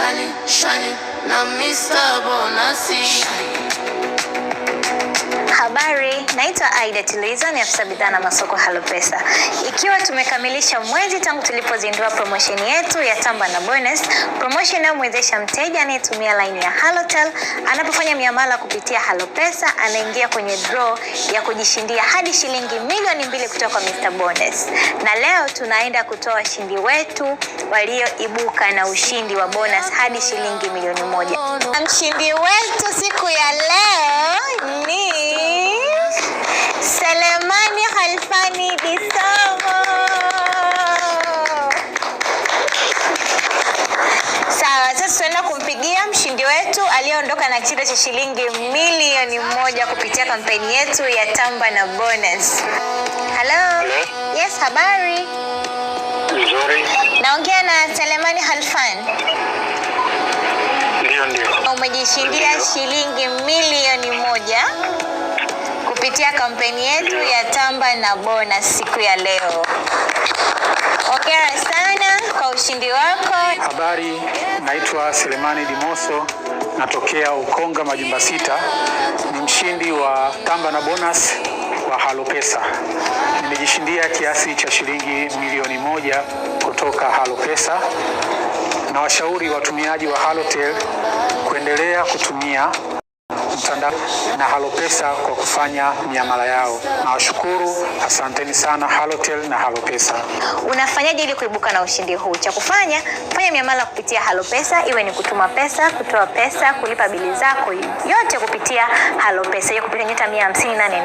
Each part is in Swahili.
shining, shining. Now Mr. Bonassi. Shining. Naitwa Aida Tiliza, ni afisa bidhaa na masoko HaloPesa. Ikiwa tumekamilisha mwezi tangu tulipozindua promotion yetu ya Tamba na Bonus, promotion inayomwezesha mteja anayetumia laini ya Halotel anapofanya miamala kupitia HaloPesa anaingia kwenye draw ya kujishindia hadi shilingi milioni mbili kutoka kwa Mr. Bonus. Na leo tunaenda kutoa washindi wetu walioibuka na ushindi wa bonus hadi shilingi milioni moja. Mshindi wetu siku ya leo ni Bisamo. Sawa, sasa tunaenda kumpigia mshindi wetu aliyeondoka na kitita cha shilingi milioni moja kupitia kampeni yetu ya Tamba na Bonus. Hello. Hello. Yes, habari? Nzuri. Naongea na Selemani Halfan. Ndio, ndio. Umejishindia shilingi milioni moja kupitia kampeni yetu ya Tamba na Bona siku ya leo. Hongera sana kwa ushindi wako. Habari, naitwa Selemani Dimoso natokea Ukonga Majumba Sita, ni mshindi wa Tamba na Bonus wa Pesa. Nimejishindia kiasi cha shilingi milioni moja kutoka Halopesa na washauri watumiaji wa Halotel kuendelea kutumia mtandao na Halopesa kwa kufanya miamala yao. Nawashukuru, asanteni sana Halotel na Halopesa. Unafanyaje ili kuibuka na ushindi huu? Cha kufanya, fanya miamala kupitia Halopesa, iwe ni kutuma pesa, kutoa pesa, kulipa bili zako, yote kupitia Halopesa, iwe kupitia nyota 15088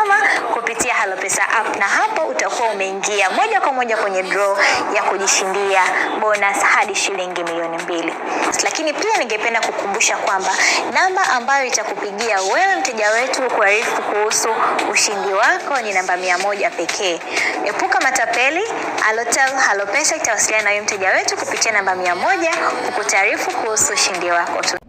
ama kupitia Halopesa app, na hapo utakuwa umeingia moja kwa moja kwenye draw ya kujishindia bonus hadi shilingi milioni mbili. Lakini pia ningependa kukumbusha kwamba namba ambayo ita kupigia wewe mteja wetu kuarifu kuhusu ushindi wako ni namba mia moja pekee. Epuka matapeli. Halotel Halopesa itawasiliana na wewe mteja wetu kupitia namba mia moja kukutaarifu kuhusu ushindi wako.